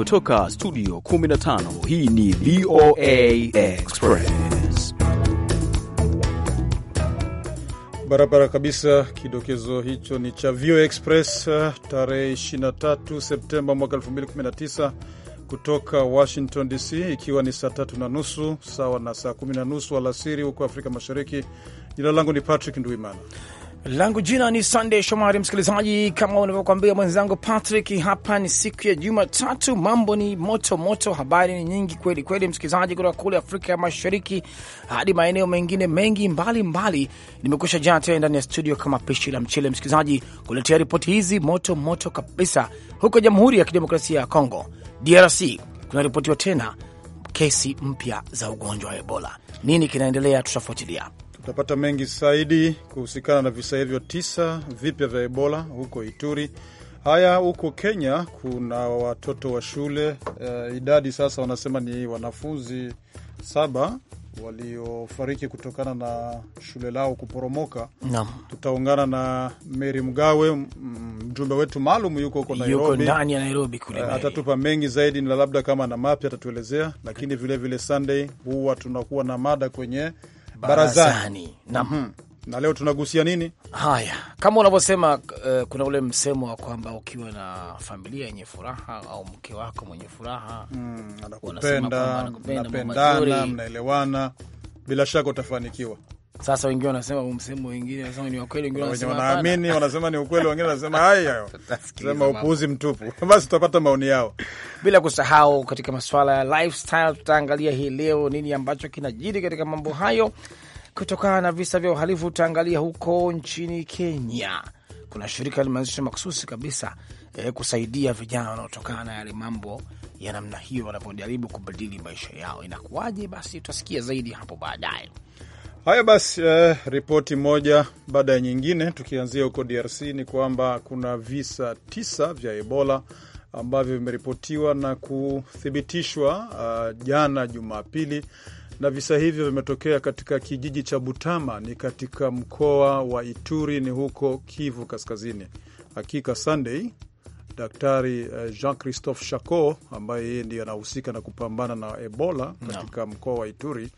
kutoka studio 15 hii ni VOA Express barabara kabisa. Kidokezo hicho ni cha VOA Express uh, tarehe 23 Septemba mwaka 2019 kutoka Washington DC, ikiwa ni saa tatu na nusu sawa na saa kumi na nusu alasiri huko Afrika Mashariki. Jina langu ni Patrick Ndwimana langu jina ni Sandey Shomari. Msikilizaji, kama unavyokwambia mwenzangu Patrick, hapa ni siku ya Jumatatu, mambo ni moto moto, habari ni nyingi kweli kweli, msikilizaji, kutoka kule Afrika ya Mashariki hadi maeneo mengine mengi mbalimbali. Nimekusha jaa tena ndani ya studio kama pishi la mchele, msikilizaji, kuletea ripoti hizi moto moto kabisa. Huko Jamhuri ya Kidemokrasia ya Kongo, DRC, kunaripotiwa tena kesi mpya za ugonjwa wa Ebola. Nini kinaendelea? Tutafuatilia tutapata mengi zaidi kuhusikana na visa hivyo tisa vipya vya Ebola huko Ituri. Haya, huko Kenya kuna watoto wa shule uh, idadi sasa wanasema ni wanafunzi saba waliofariki kutokana na shule lao kuporomoka. Naam, tutaungana na Mary Mgawe, mjumbe wetu maalum yuko huko Nairobi, ndani ya Nairobi kule, eh, atatupa mengi zaidi, na labda kama na mapya atatuelezea, lakini vilevile Sunday huwa tunakuwa na mada kwenye barazani na, mm -hmm. na leo tunagusia nini? Haya, kama unavyosema uh, kuna ule msemo wa kwamba ukiwa na familia yenye furaha au mke wako mwenye furaha mm, anakupenda, mnapendana, mnaelewana, bila shaka utafanikiwa. Sasa wengine wanasema msemo, wengine wanasema ni ukweli, wengine wanasema wanaamini, wanasema ni ukweli, wengine wanasema haya, sema upuuzi mtupu. Basi tutapata maoni yao, bila kusahau katika masuala ya lifestyle. Tutaangalia hii leo nini ambacho kinajiri katika mambo hayo kutokana na visa vya uhalifu. Tutaangalia huko nchini Kenya, kuna shirika limeanzisha makususi kabisa eh, kusaidia vijana wanaotokana na yale mambo ya namna hiyo, wanapojaribu kubadili maisha yao. Inakuwaje? Basi tutasikia zaidi hapo baadaye. Haya basi, eh, ripoti moja baada ya nyingine, tukianzia huko DRC ni kwamba kuna visa tisa vya Ebola ambavyo vimeripotiwa na kuthibitishwa uh, jana Jumapili, na visa hivyo vimetokea katika kijiji cha Butama ni katika mkoa wa Ituri ni huko Kivu Kaskazini. Hakika Sunday Daktari eh, Jean Christophe chaco ambaye yeye ndiye anahusika na kupambana na Ebola katika no. mkoa wa Ituri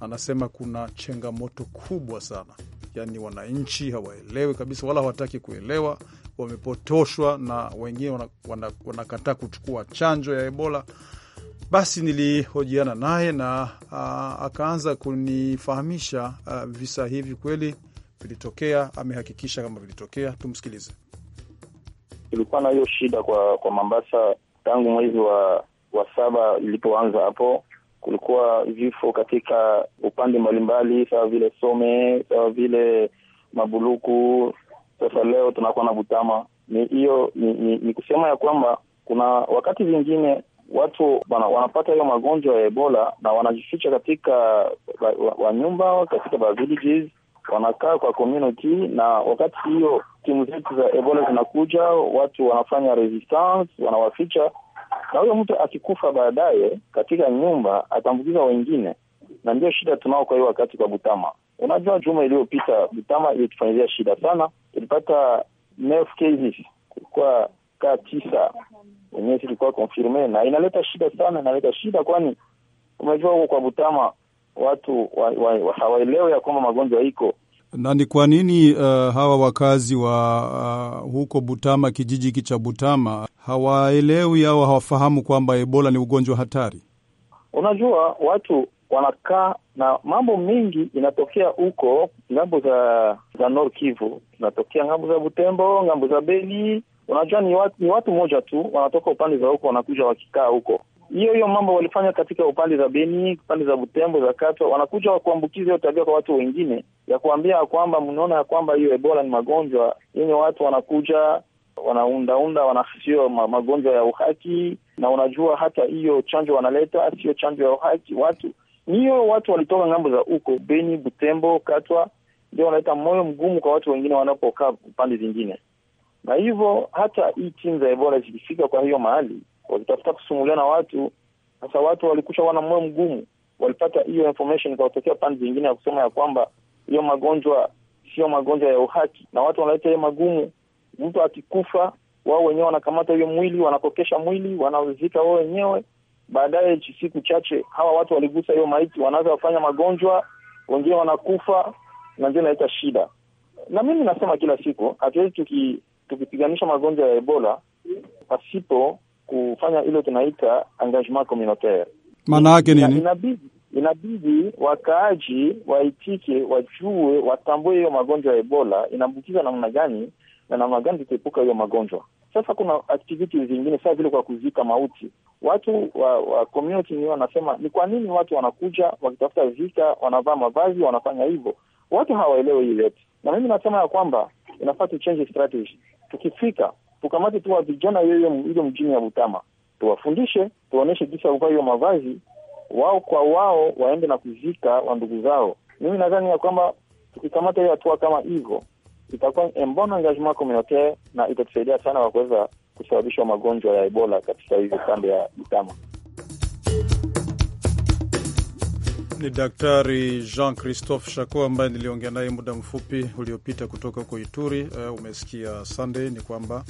anasema kuna changamoto kubwa sana, yaani wananchi hawaelewi kabisa, wala hawataki kuelewa, wamepotoshwa na wengine wanakataa wana, wana kuchukua chanjo ya Ebola. Basi nilihojiana naye na a, akaanza kunifahamisha a, visa hivi kweli vilitokea, amehakikisha kama vilitokea. Tumsikilize. ilikuwa na hiyo shida kwa kwa Mombasa tangu mwezi wa, wa saba ilipoanza hapo kulikuwa vifo katika upande mbalimbali, sawa vile Some, sawa vile Mabuluku. Sasa leo tunakuwa na Butama. Ni hiyo ni, ni, ni kusema ya kwamba kuna wakati vingine watu wana, wanapata hiyo magonjwa ya Ebola na wanajificha katika wanyumba wa, wa katika ba villages wanakaa kwa community, na wakati hiyo timu zetu za Ebola zinakuja, watu wanafanya resistance, wanawaficha na huyo mtu akikufa baadaye katika nyumba ataambukiza wengine, na ndio shida tunao kwa hiyo wakati kwa Butama. Unajua, juma iliyopita Butama ilitufanyia shida sana, tulipata cases kulikuwa kaa tisa wenyewe zilikuwa konfirme na inaleta shida sana, inaleta shida kwani umejua huko kwa Butama watu wa, wa, wa, ya kwamba magonjwa iko na ni kwa nini uh, hawa wakazi wa uh, huko Butama, kijiji hiki cha Butama hawaelewi au hawafahamu kwamba Ebola ni ugonjwa hatari? Unajua, watu wanakaa na mambo mingi inatokea huko ngambo za za Nord Kivu, inatokea ngambo za Butembo, ngambo za Beni. Unajua ni watu, ni watu moja tu wanatoka upande za huko wanakuja wakikaa huko hiyo hiyo mambo walifanya katika upande za Beni, upande za Butembo, za Katwa, wanakuja wakuambukiza hiyo tabia kwa watu wengine, ya kuambia kwamba mnaona ya kwamba hiyo Ebola ni magonjwa yenye watu wanakuja wanaundaunda wanasio magonjwa ya uhaki, na unajua hata hiyo chanjo wanaleta sio chanjo ya uhaki. Watu niyo watu walitoka ng'ambo za huko Beni, Butembo, Katwa, ndio wanaleta moyo mgumu kwa watu wengine wanapokaa upande zingine, na hivyo hata hii timu za Ebola zikifika kwa hiyo mahali wakitafuta kusumulia na watu. Sasa watu walikusha wana moyo mgumu, walipata hiyo information ikawatokea pande zingine ya kusema ya kwamba hiyo magonjwa sio magonjwa ya uhaki, na watu wanaleta hiyo magumu. Mtu akikufa, wao wenyewe wanakamata hiyo mwili, wanakokesha mwili, wanauzika wao wenyewe. Baadaye siku chache, hawa watu waligusa hiyo maiti, wanaweza kufanya magonjwa, wengine wanakufa, na ndio inaleta shida. Na mimi nasema kila siku, hatuwezi tukipiganisha tuki magonjwa ya Ebola pasipo kufanya ile tunaita engagement communautaire. Maana yake nini? Inabidi inabidi wakaaji waitike, wajue, watambue hiyo magonjwa ya Ebola inaambukiza namna gani na namna gani tutaepuka hiyo magonjwa. Sasa kuna activities zingine saa vile kwa kuzika mauti. Watu wa, wa community ni wanasema ni kwa nini watu wanakuja wakitafuta zika, wanavaa mavazi, wanafanya hivyo. Watu hawaelewi hii yote, na mimi nasema ya kwamba inafaa tu change strategy. Tukifika tukamate tu vijana ile mjini ya Butama, tuwafundishe, tuwaonyeshe jinsi ya kuvaa hiyo mavazi, wao kwa wao waende na kuzika wa ndugu zao. Mimi nadhani ya kwamba tukikamata hiyo hatua kama hivyo itakuwa bon engagement communautaire na itatusaidia sana kwa kuweza kusababisha magonjwa ya Ebola katika hiyo kanda ya Butama. Ni Daktari Jean Christophe Shako ambaye niliongea naye muda mfupi uliopita kutoka huko Ituri. Uh, umesikia Sunday, ni kwamba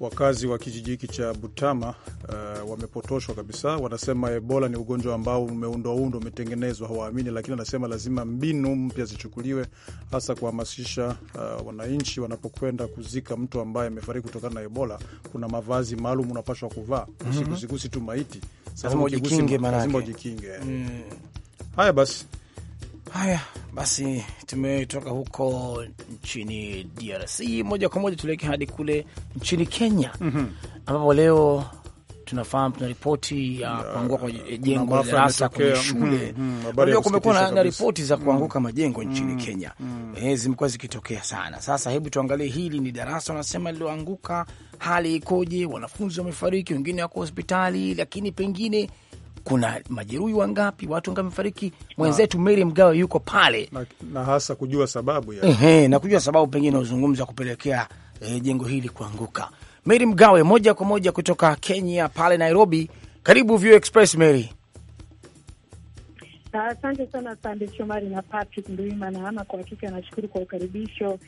wakazi wa kijiji hiki cha Butama uh, wamepotoshwa kabisa. Wanasema Ebola ni ugonjwa ambao umeundwaundwa, umetengenezwa, hawaamini. Lakini anasema lazima mbinu mpya zichukuliwe, hasa kuhamasisha uh, wananchi wanapokwenda kuzika mtu ambaye amefariki kutokana na Ebola. Kuna mavazi maalum unapashwa kuvaa, mhm. usigusi mm -hmm. tu maiti, lazima ujikinge. Haya basi, haya basi, tumetoka huko nchini DRC moja kwa moja tuleke hadi kule nchini Kenya mhm. ambapo mm -hmm. leo tunafahamu tuna ripoti ya kuangua kwa jengo la darasa kwenye shule. Mhm, mhm, Unajua, kumekuwa na ripoti za kuanguka majengo nchini mm, Kenya mm, eh, zimekuwa zikitokea sana. Sasa hebu tuangalie hili, ni darasa wanasema lilioanguka, hali ikoje? Wanafunzi wamefariki, wengine wako hospitali, lakini pengine kuna majeruhi wangapi, watu wangapi wamefariki. Mwenzetu Mary Mgawe yuko pale na, na hasa kujua sababu ya. Ehe, na kujua sababu pengine uzungumza kupelekea eh, jengo hili kuanguka. Mary Mgawe moja kwa moja kutoka Kenya pale Nairobi, karibu View Express Mary. Ah, asante sana Sande Shomari na Patrick na Ama kwa hakika nashukuru kwa ukaribisho,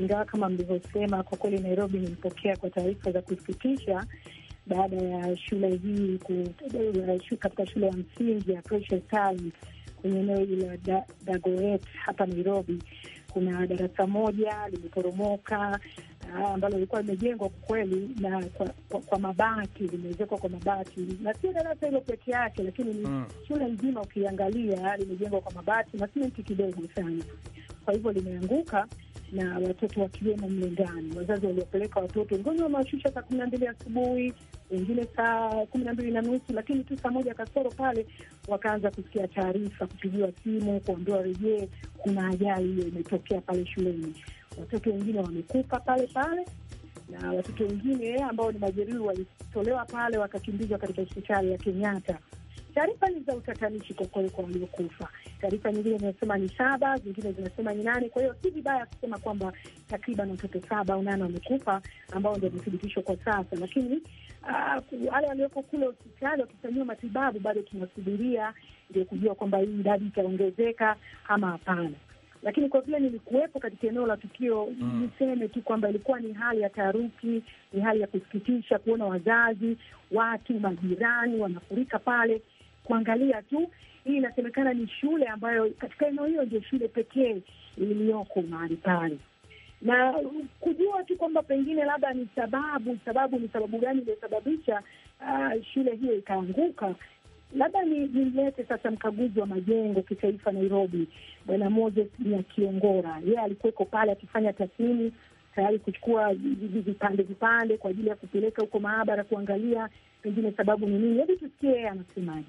ingawa kama mlivyosema, kwa kweli Nairobi nilipokea kwa taarifa za kusikitisha baada ya shule hii katika shule ya msingi ya Precious Time kwenye eneo la Dagoret hapa Nairobi, kuna darasa moja limeporomoka ah, ambalo lilikuwa limejengwa kweli na kwa, kwa, kwa mabati limewezekwa kwa mabati, na sio darasa hilo peke yake, lakini ni mm. shule nzima ukiangalia limejengwa kwa mabati na simenti kidogo sana. Kwa hivyo limeanguka na watoto wakiwemo mle ndani. Wazazi waliopeleka watoto, ngoni wamewashusha saa kumi na mbili asubuhi, wengine saa kumi na mbili na nusu, lakini tu saa moja kasoro pale wakaanza kusikia taarifa, kupigiwa simu kuambiwa rejee, kuna ajali hiyo imetokea pale shuleni. Watoto wengine wamekufa pale pale na watoto wengine ambao ni majeruhi walitolewa pale wakakimbizwa katika hospitali ya Kenyatta Taarifa ni za utatanishi kwa kweli kwa waliokufa. Taarifa nyingine zinasema ni saba, zingine zinasema ni nane. Kwa hiyo si vibaya kusema kwamba takriban watoto saba au nane wamekufa ambao ndio wamethibitishwa kwa sasa, lakini ah, wale walioko kule hospitali wakifanyiwa matibabu bado tunasubiria ndio kujua kwamba hii idadi itaongezeka ama hapana. Lakini kwa vile nilikuwepo katika eneo la tukio, mm. niseme tu kwamba ilikuwa ni hali ya taharuki, ni hali ya kusikitisha kuona wazazi, watu, majirani wanafurika pale kuangalia tu. Hii inasemekana ni shule ambayo katika eneo hiyo ndio shule pekee iliyoko mahali pale, na kujua tu kwamba pengine labda ni sababu sababu ni sababu gani iliyosababisha uh, ah, shule hiyo ikaanguka. Labda nilete sasa mkaguzi wa majengo kitaifa Nairobi, bwana Moses Nyakiongora, yeye alikuweko pale akifanya tathmini tayari kuchukua vipande vipande kwa ajili ya kupeleka huko maabara kuangalia pengine sababu ni nini. Hebu tusikie yeye anasemaje.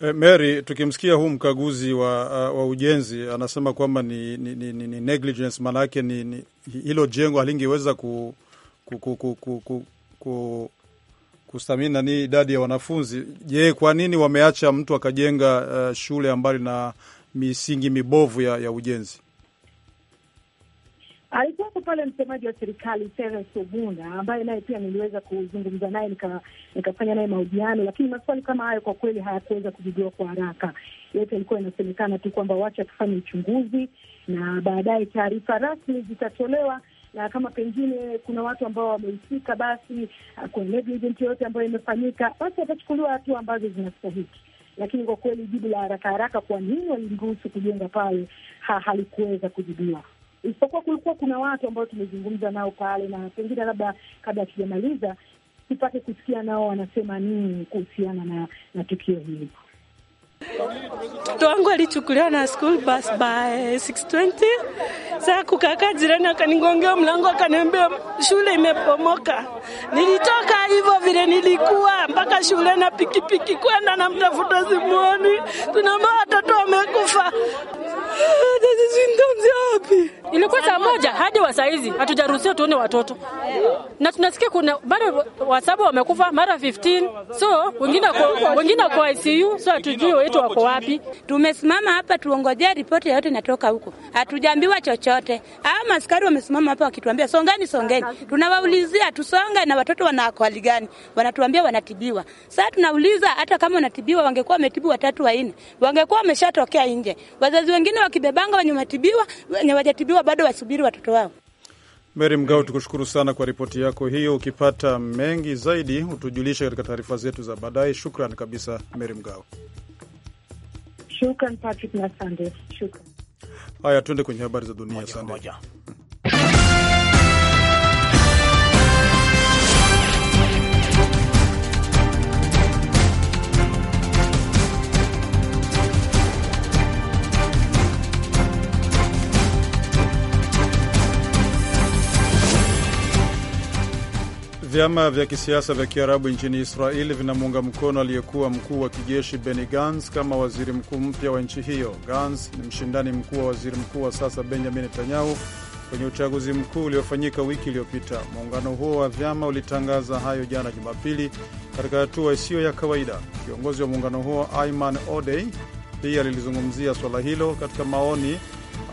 Eh, Mary, tukimsikia huu mkaguzi wa, eh, wa ujenzi anasema kwamba ni, ni, ni, ni negligence, yake ni, ni, hilo jengo halingeweza ku, ku, ku, ku, ku, ku, kustamini nani idadi ya wanafunzi. Je, kwa nini wameacha mtu akajenga uh, shule ambayo na misingi mibovu ya, ya ujenzi? yule msemaji wa serikali Serence Obuna ambaye naye pia niliweza kuzungumza naye nikafanya nika naye mahojiano, lakini maswali kama hayo kwa kweli hayakuweza kujibiwa kwa haraka. Yote ilikuwa inasemekana tu kwamba wacha tufanye uchunguzi na baadaye taarifa rasmi zitatolewa na kama pengine kuna watu ambao wamehusika, basi uh, kuna yoyote ambayo imefanyika, basi watachukuliwa hatua ambazo zinastahiki. Lakini kwa kweli jibu la haraka haraka, kwa nini waliruhusu kujenga pale, halikuweza kujibiwa isipokuwa kulikuwa kuna watu ambao tumezungumza nao pale, na pengine labda kabla hatujamaliza tupate kusikia nao wanasema nini kuhusiana na, na tukio hili. Mtoto wangu alichukuliwa na school bus by 6:20. Sasa kukaka jirani akaningongea mlango akaniambia shule imepomoka. Nilitoka hivyo vile nilikuwa mpaka shule na pikipiki kwenda na mtafuta simuoni. Tunaomba watoto wamekufa. Ilikuwa saa moja hadi wa hizi hatujaruhusiwa tuone watoto, na tunasikia kuna bado wasaba wamekufa mara 15, so wengine kwa ICU, so hatujui watoto wako wapi? Tumesimama hapa tuongojee ripoti yote inatoka huko, hatujaambiwa chochote. Hao maskari wamesimama hapa wakituambia songeni, songeni. Tunawaulizia tusonge na watoto wana hali gani? Wanatuambia wanatibiwa. Sasa tunauliza hata kama wanatibiwa, wangekuwa wametibu watatu wanne, wangekuwa wameshatokea nje. Wazazi wengine wakibebanga wenye wametibiwa, wenye wajatibiwa bado wasubiri watoto wao. Mary Mgao, tukushukuru sana kwa ripoti yako hiyo. Ukipata mengi zaidi utujulishe katika taarifa zetu za baadaye. Shukran kabisa Mary Mgao. Shukran Patrick na Sande, shukran. Haya, tuende kwenye habari za dunia, Sande. Vyama vya kisiasa vya Kiarabu nchini Israeli vinamuunga mkono aliyekuwa mkuu wa kijeshi Benny Gantz kama waziri mkuu mpya wa nchi hiyo. Gantz ni mshindani mkuu wa waziri mkuu wa sasa Benjamin Netanyahu kwenye uchaguzi mkuu uliofanyika wiki iliyopita. Muungano huo wa vyama ulitangaza hayo jana Jumapili, katika hatua isiyo ya kawaida. Kiongozi wa muungano huo Ayman Odey pia lilizungumzia swala hilo katika maoni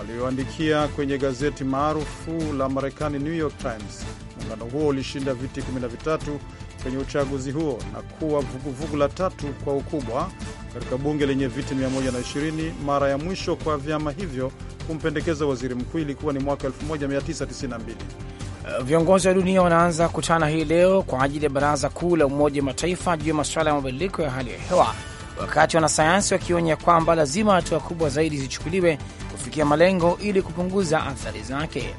aliyoandikia kwenye gazeti maarufu la Marekani New York Times. Muungano huo ulishinda viti 13 kwenye uchaguzi huo na kuwa vuguvugu la tatu kwa ukubwa katika bunge lenye viti 120, mara ya mwisho kwa vyama hivyo kumpendekeza waziri mkuu ilikuwa ni mwaka 1992. Uh, viongozi wa dunia wanaanza kutana hii leo kwa ajili ya baraza kuu la Umoja wa Mataifa juu ya masuala ya mabadiliko ya hali ya hewa, wakati wanasayansi wakionya kwamba lazima hatua kubwa zaidi zichukuliwe kufikia malengo ili kupunguza athari zake.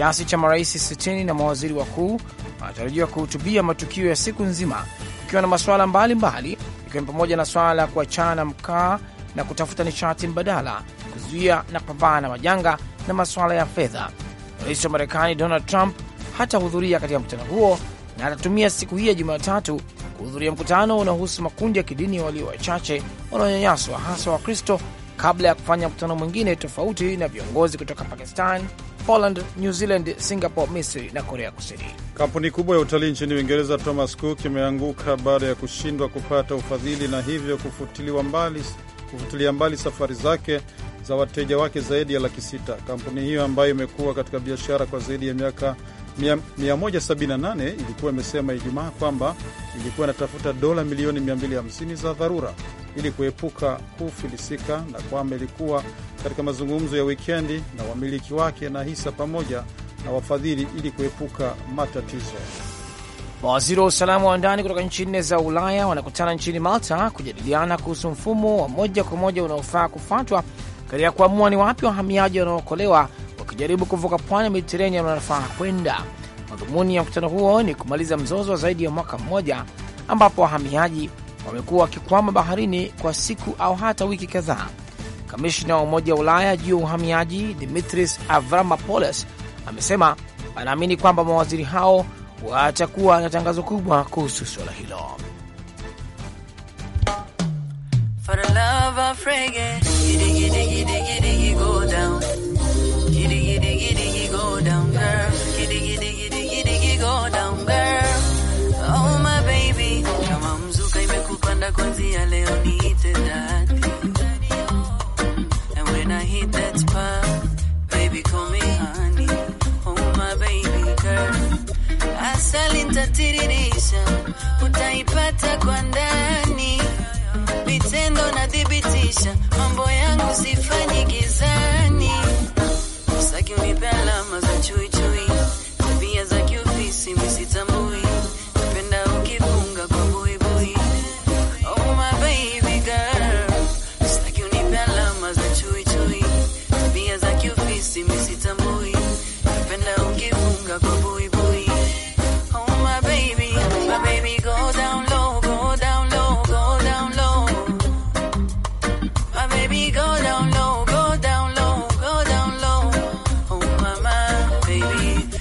Kiasi cha marais 60 na mawaziri wakuu wanatarajiwa kuhutubia matukio ya siku nzima, ikiwa na masuala mbalimbali, ikiwa ni pamoja na swala la kuachana mkaa na kutafuta nishati mbadala, kuzuia na kupambana na majanga na masuala ya fedha. Rais wa Marekani Donald Trump hatahudhuria katika mkutano huo na atatumia siku hii ya Jumatatu kuhudhuria mkutano unaohusu makundi ya kidini walio wachache wanaonyanyaswa, hasa Wakristo, kabla ya kufanya mkutano mwingine tofauti na viongozi kutoka Pakistan, Poland, New Zealand, Singapore, Misri na Korea Kusini. Kampuni kubwa ya utalii nchini Uingereza Thomas Cook imeanguka baada ya kushindwa kupata ufadhili na hivyo kufutilia mbali, kufutilia mbali safari zake za wateja wake zaidi ya laki sita. Kampuni hiyo ambayo imekuwa katika biashara kwa zaidi ya miaka 178 ilikuwa imesema Ijumaa kwamba ilikuwa inatafuta dola milioni 250 za dharura ili kuepuka kufilisika na kwamba ilikuwa katika mazungumzo ya wikendi na wamiliki wake na hisa pamoja na wafadhili ili kuepuka matatizo. Mawaziri wa usalama wa ndani kutoka nchi nne za Ulaya wanakutana nchini Malta kujadiliana kuhusu mfumo wa moja kwa moja unaofaa kufuatwa katika kuamua ni wapi wahamiaji wanaookolewa wakijaribu kuvuka pwani ya Mediterania wanafaa kwenda. Madhumuni ya mkutano huo ni kumaliza mzozo wa zaidi ya mwaka mmoja ambapo wahamiaji wamekuwa wakikwama baharini kwa siku au hata wiki kadhaa. Kamishna wa Umoja wa Ulaya juu ya uhamiaji Dimitris Avramopoulos amesema anaamini kwamba mawaziri hao watakuwa na tangazo kubwa kuhusu suala hilo. For the love of Asali ntatiririsha, utaipata kwa ndani, vitendo nadhibitisha, mambo yangu sifanyi gizani, usaki unipe alama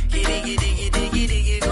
Giddy, giddy, giddy, giddy, giddy.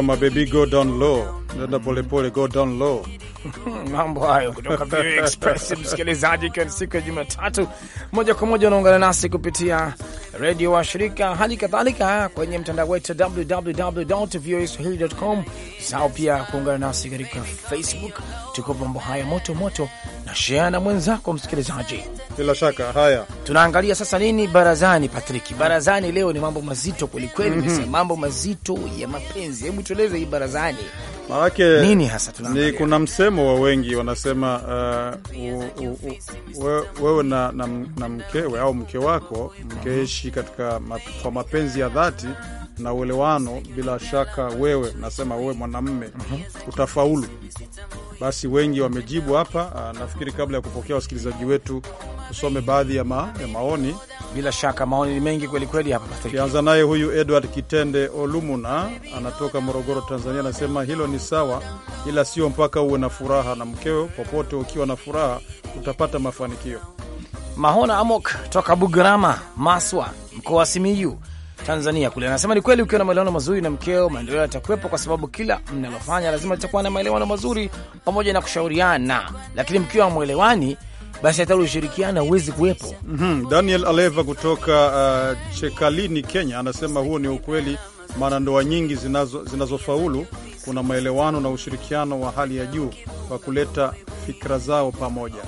kama baby go down low, nenda polepole go down low. Mambo hayo kutoka View Express, msikilizaji, ikiwa ni siku ya Jumatatu, moja kwa moja unaungana nasi kupitia redio wa shirika, hali kadhalika kwenye mtandao wetu www voa Sao pia kuungana nasi katika Facebook, tuko mambo haya moto moto na shea na mwenzako msikilizaji, bila shaka. Haya, tunaangalia sasa nini barazani. Patrick, barazani leo ni mambo mazito kwelikweli. mm -hmm. Mambo mazito ya mapenzi, hebu tueleze hii barazani Maanake nini hasa tunaangalia? Ni kuna msemo wa wengi wanasema, uh, wewe na, na, na mkewe au mke wako mkeishi katika kwa mapenzi ya dhati na uelewano, bila shaka wewe nasema wewe mwanamme uh mhm. -huh. utafaulu. Basi wengi wamejibu hapa. Uh, nafikiri kabla ya kupokea wasikilizaji wetu, usome baadhi ya, ma, ya maoni bila shaka maoni ni mengi kweli kweli hapa. Tukianza naye huyu Edward Kitende Olumuna anatoka Morogoro, Tanzania, anasema hilo ni sawa, ila sio mpaka uwe na furaha na mkeo. Popote ukiwa na furaha utapata mafanikio. Mahona Amok toka Bugarama, Maswa, mkoa wa Simiyu, Tanzania kule anasema ni kweli, ukiwa na maelewano mazuri na mkeo, maendeleo yatakuwepo, kwa sababu kila mnalofanya lazima litakuwa na maelewano mazuri pamoja na kushauriana, lakini mkiwa mwelewani basi hata ule ushirikiano huwezi kuwepo. mm -hmm. Daniel Aleva kutoka uh, Chekalini, Kenya anasema huo ni ukweli, maana ndoa nyingi zinazo, zinazofaulu kuna maelewano na ushirikiano wa hali ya juu wa kuleta fikra zao pamoja.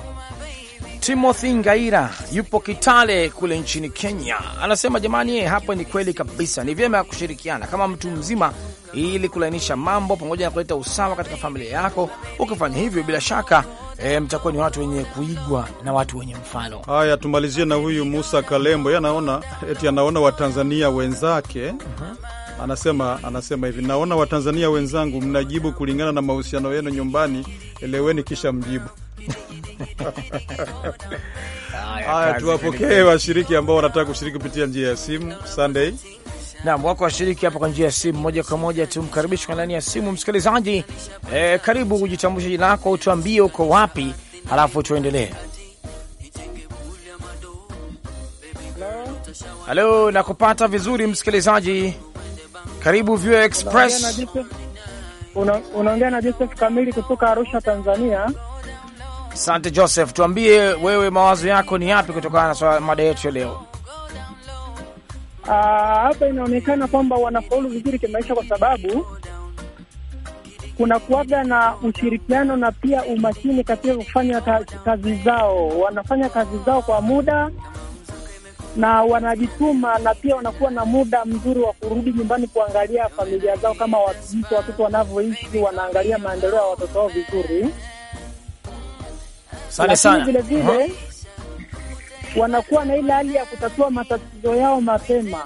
Timothy Ngaira yupo Kitale kule nchini Kenya, anasema jamani, hapo ni kweli kabisa, ni vyema ya kushirikiana kama mtu mzima ili kulainisha mambo pamoja na kuleta usawa katika familia yako. Ukifanya hivyo, bila shaka e, mtakuwa ni watu wenye kuigwa na watu wenye mfano. Haya, tumalizie na huyu Musa Kalembo, yeye anaona eti anaona Watanzania wenzake uh -huh. Anasema anasema hivi, naona Watanzania wenzangu mnajibu kulingana na mahusiano yenu nyumbani, eleweni kisha mjibu. Haya, tuwapokee washiriki ambao wanataka kushiriki kupitia njia ya simu. Sunday Nam wako washiriki hapa kwa njia ya simu moja kwa moja. Tumkaribishe kwa ndani ya simu msikilizaji. E, karibu kujitambulisha jina lako, utuambie uko wapi, halafu tuendelee. Halo, nakupata vizuri msikilizaji. Karibu Vue Express. Unaongea na Joseph Kamili kutoka Arusha, Tanzania. Asante Joseph, tuambie wewe mawazo yako ni yapi kutokana na mada yetu ya leo. Ah, hapa inaonekana kwamba wanafaulu vizuri kimaisha kwa sababu kuna kuwaga na ushirikiano na pia umakini katika kufanya kazi zao. Wanafanya kazi zao kwa muda na wanajituma, na pia wanakuwa na muda mzuri wa kurudi nyumbani kuangalia familia zao, kama jinsi watoto wanavyoishi, wanaangalia maendeleo ya watoto wao vizuri. Asante sana vilevile wanakuwa na ile hali ya kutatua matatizo yao mapema,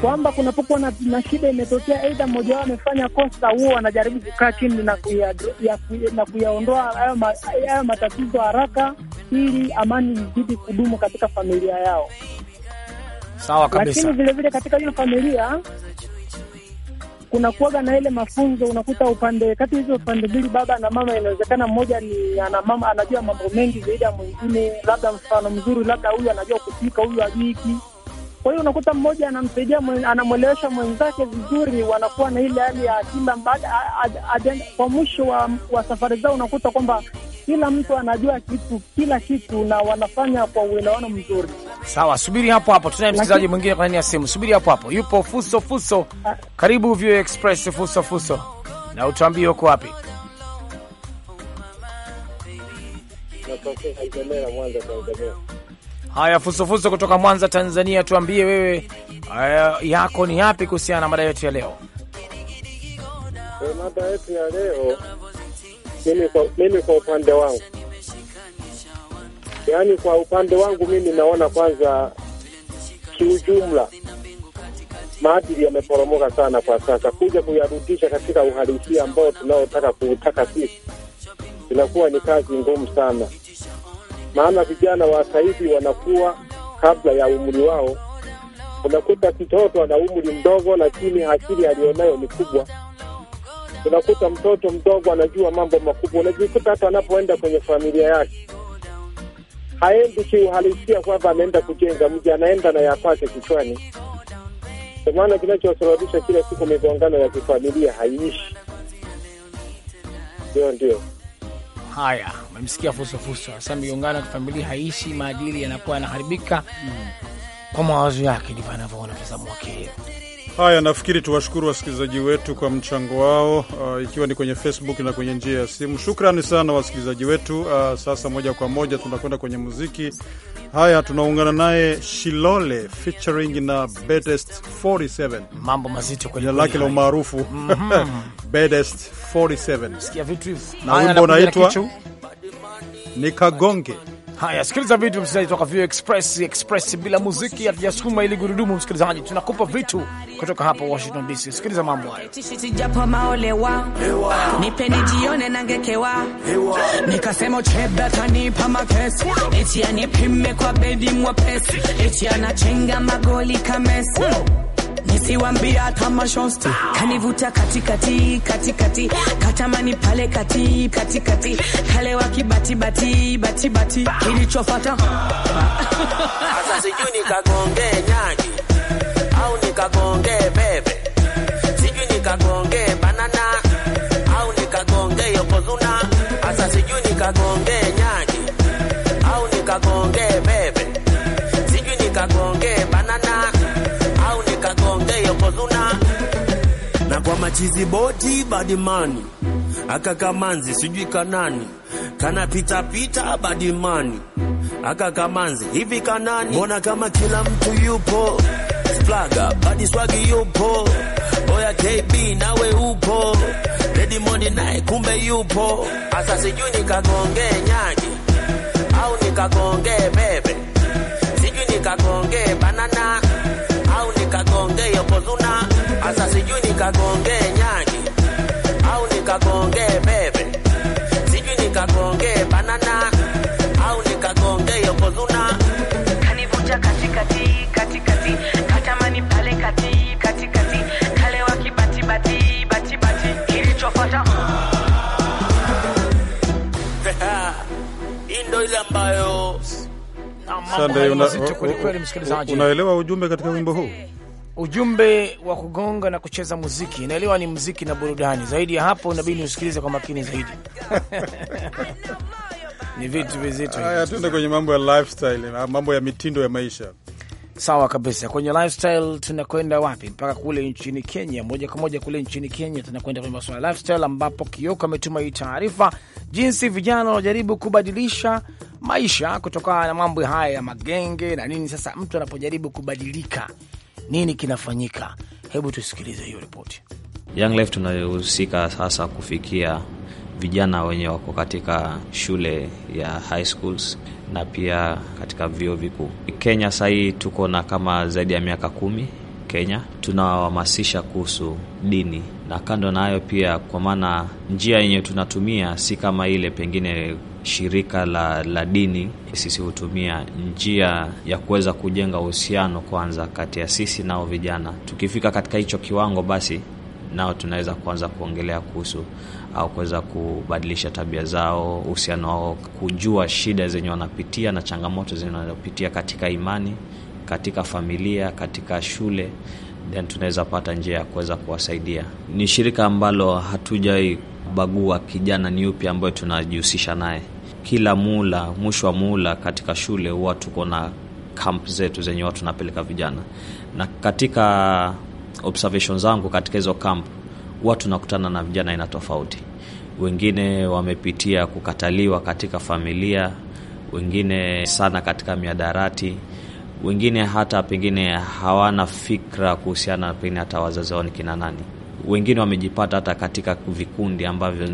kwamba kunapokuwa na, na shida imetokea, aidha mmoja wao amefanya kosa, huo wanajaribu kukaa chini na kuyaondoa hayo ma, matatizo haraka, ili amani izidi kudumu katika familia yao. Sawa kabisa, lakini vilevile katika hiyo familia kuna kuaga na ile mafunzo, unakuta upande kati hizo pande mbili, baba na mama, inawezekana mmoja ni ana mama anajua mambo mengi zaidi ya mwingine, labda mfano mzuri, labda huyu anajua kupika, huyu ajui hiki kwa hiyo unakuta mmoja anamsaidia anamwelewesha mwenzake vizuri, wanakuwa na ile hali ya kila kwa mwisho wa, wa safari zao unakuta kwamba kila mtu anajua kitu kila kitu na wanafanya kwa uelewano mzuri. Sawa, subiri hapo hapo, tunaye msikilizaji mwingine kwa nani ya simu. Subiri hapo hapo, yupo Fuso Fuso. Ah. Karibu Vio Express, Fuso Fuso, na utuambie uko wapi? Haya, Fusofuso kutoka Mwanza, Tanzania, tuambie wewe haya, eh, yako ni yapi kuhusiana na mada yetu ya leo? E, mada yetu ya leo mimi kwa, mimi kwa upande wangu yaani kwa upande wangu mimi naona kwanza, kiujumla maadili yameporomoka sana kwa sasa. Kuja kuyarudisha katika uhalisia ambao tunaotaka kuutaka sisi inakuwa ni kazi ngumu sana maana vijana wa sasa wanakuwa kabla ya umri wao. Unakuta mtoto ana umri mdogo, lakini akili aliyonayo ni kubwa. Unakuta mtoto mdogo anajua mambo makubwa, unajikuta hata anapoenda kwenye familia yake haendi kiuhalisia kwamba ameenda kujenga mji, anaenda na yapate kichwani. Kwa maana kinachosababisha kila siku migongano ya kifamilia haiishi. Ndio, ndio haya amemsikia fuso fuso. Sasa miungano ya familia haishi, maadili yanakuwa yanaharibika kwa mawazo yake, ndivyo anavyoona mtazamo wake. Haya, nafikiri tuwashukuru wasikilizaji wetu kwa mchango wao, uh, ikiwa ni kwenye Facebook na kwenye njia ya simu. Shukrani sana wasikilizaji wetu. Uh, sasa moja kwa moja tunakwenda kwenye muziki. Haya, tunaungana naye Shilole featuring na Bedest 47. Mambo mazito kwenye lake la umaarufu mhm. Bedest 47 na wimbo unaitwa nikagonge. Haya, sikiliza vitu msikilizaji, toka Vio Express Express, bila muziki hatujasukuma ili gurudumu. Msikilizaji, tunakupa vitu kutoka hapa Washington DC. Sikiliza mambo hayo, sijapo maolewa nipeni jione nangekewa nikasema cheba kanipa makesi eti anipime kwa bedi mwepesi eti anachenga magoli kamesi nisiwambia hata mashosti kanivuta katikati katikati katamani pale kati katikati kale bati kibatibati batibati kilichofata sasa sijui nikagonge nyagi au nikagonge bebe sijui nikagonge banana au nikagonge yokozuna sasa sijui nikagonge machiziboti badimani akakamanzi kamanzi sijui kanani kanapitapita badimani aka kamanzi hivi kanani mbona kama kila mtu yupo splaga badi swagi yupo oya KB nawe upo Redmond naye kumbe yupo asa sijui nikagonge nyaji au nikagonge bebe sijui nikagonge banana au nikagonge yokozuna sasa sijui nikagongee nyani au nikagongee bebe, sijui nikagongee banana au nikagongee yokozuna. Kanivunja katikati katikati, katamani pale kati katikati, kale wakibatibati batibati, kilichofuata indo ndo ile ambayo unaelewa ujumbe katika wimbo huu ujumbe wa kugonga na kucheza muziki, naelewa ni muziki na burudani. Zaidi ya hapo, inabidi usikilize kwa makini zaidi ni vitu vizito. Haya, tuende kwenye mambo ya lifestyle, mambo ya mitindo ya maisha. Sawa kabisa. Kwenye lifestyle tunakwenda wapi? Mpaka kule nchini Kenya, moja kwa moja kule nchini Kenya. Tunakwenda kwenye masuala ya lifestyle, ambapo Kioko ametuma hii taarifa, jinsi vijana wanajaribu kubadilisha maisha kutokana na mambo haya ya magenge na nini. Sasa mtu anapojaribu kubadilika nini kinafanyika? Hebu tusikilize hiyo ripoti. Young Life tunahusika sasa kufikia vijana wenye wako katika shule ya high schools na pia katika vyuo vikuu Kenya. Sahii tuko na kama zaidi ya miaka kumi Kenya, tunawahamasisha kuhusu dini na kando na hayo pia, kwa maana njia yenye tunatumia si kama ile pengine shirika la, la dini, sisi hutumia njia ya kuweza kujenga uhusiano kwanza kati ya sisi nao vijana. Tukifika katika hicho kiwango, basi nao tunaweza kuanza kuongelea kuhusu au kuweza kubadilisha tabia zao, uhusiano wao, kujua shida zenye wanapitia na changamoto zenye wanapitia katika imani, katika familia, katika shule, then tunaweza pata njia ya kuweza kuwasaidia. Ni shirika ambalo hatujai kubagua kijana ni yupi ambayo tunajihusisha naye. Kila muula, mwisho wa mula katika shule huwa tuko na kamp zetu zenye watu tunapeleka vijana, na katika observation zangu katika hizo kamp huwa tunakutana na vijana aina tofauti. Wengine wamepitia kukataliwa katika familia, wengine sana katika miadarati, wengine hata pengine hawana fikra kuhusiana pengine hata wazazi wao ni kina nani wengine wamejipata hata katika vikundi ambavyo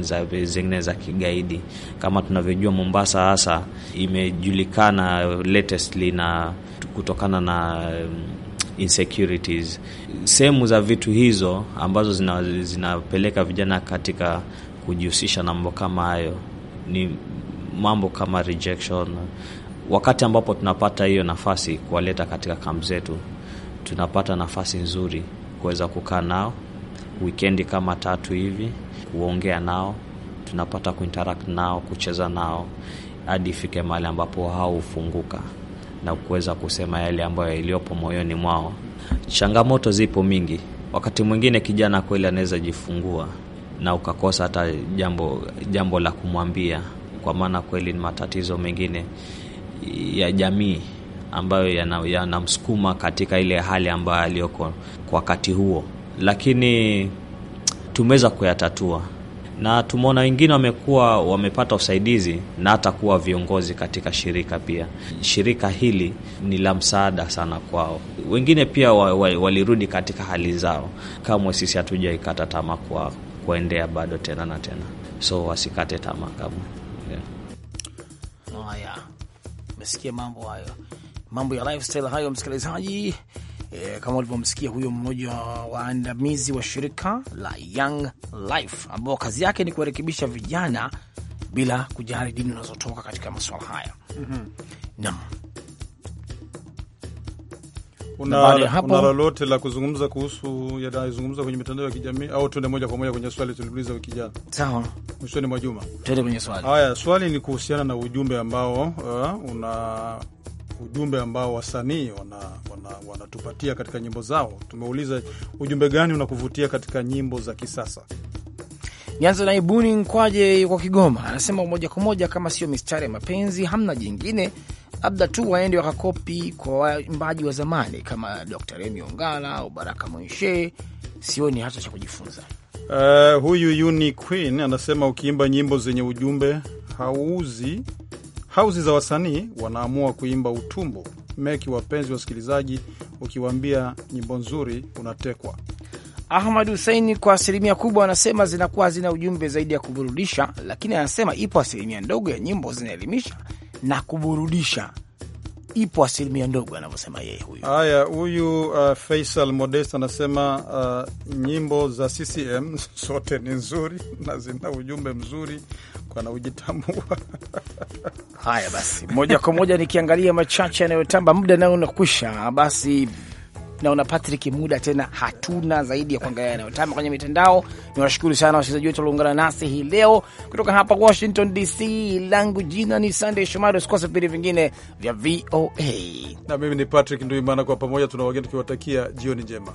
zingine za kigaidi. Kama tunavyojua, Mombasa hasa imejulikana latestly na kutokana na um, insecurities sehemu za vitu hizo ambazo zina, zinapeleka vijana katika kujihusisha na mambo kama hayo, ni mambo kama rejection. Wakati ambapo tunapata hiyo nafasi kuwaleta katika kamp zetu, tunapata nafasi nzuri kuweza kukaa nao wikendi kama tatu hivi, huongea nao, tunapata kuinteract nao, kucheza nao hadi ifike mahali ambapo hao hufunguka na kuweza kusema yale ambayo iliyopo moyoni mwao. Changamoto zipo mingi. Wakati mwingine kijana kweli anaweza jifungua na ukakosa hata jambo jambo la kumwambia, kwa maana kweli ni matatizo mengine ya jamii ambayo yanamsukuma yana katika ile hali ambayo aliyoko kwa wakati huo lakini tumeweza kuyatatua na tumeona wengine wamekuwa wamepata usaidizi na hata kuwa viongozi katika shirika. Pia shirika hili ni la msaada sana kwao. Wengine pia walirudi katika hali zao. Kamwe sisi hatujaikata tamaa kwa kuendea bado tena na tena, so wasikate tamaa kamwe. Oh, yeah. mambo hayo, mambo ya lifestyle hayo, msikilizaji e, kama ulivyomsikia huyo mmoja wa waandamizi wa shirika la Young Life ambao kazi yake ni kuwarekebisha vijana bila kujali dini unazotoka katika masuala haya. mm -hmm. una lolote la kuzungumza kuhusu yanayozungumza kwenye mitandao ya kijamii au tuende moja kwa moja kwenye swali tuliuliza wiki jana? Sawa, mwishoni mwa juma. Tuende kwenye swali. Haya, swali ni kuhusiana na ujumbe ambao uh, una ujumbe ambao wasanii wanatupatia wana, wana katika nyimbo zao. Tumeuliza ujumbe gani unakuvutia katika nyimbo za kisasa. Nianze naibuni Nkwaje kwa Kigoma, anasema moja kwa moja, kama sio mistari ya mapenzi hamna jingine, labda tu waende wakakopi kwa waimbaji wa zamani kama Dr Remi Ongala au Baraka Mwinshe. Sioni hata cha kujifunza. Uh, huyu Uni Queen anasema ukiimba nyimbo zenye ujumbe hauuzi hausi za wasanii wanaamua kuimba utumbo. Meki wapenzi wasikilizaji, ukiwaambia nyimbo nzuri unatekwa. Ahmad Huseini kwa asilimia kubwa anasema zinakuwa hazina ujumbe zaidi ya kuburudisha, lakini anasema ipo asilimia ndogo ya nyimbo zinaelimisha na kuburudisha, ipo asilimia ndogo anavyosema yeye huyu. Haya, huyu uh, Faisal Modest anasema uh, nyimbo za CCM zote ni nzuri na zina ujumbe mzuri wako anaujitambua. Haya basi, moja kwa moja nikiangalia machache yanayotamba, muda nayo unakwisha. Basi naona Patrick, muda tena hatuna zaidi ya kuangalia yanayotamba kwenye mitandao. Niwashukuru sana wachezaji wetu walioungana nasi hii leo kutoka hapa Washington DC. Langu jina ni sandey Shomari, usikose vipindi vingine vya VOA na mimi ni Patrick Nduimana. Kwa pamoja tuna wageni tukiwatakia jioni njema.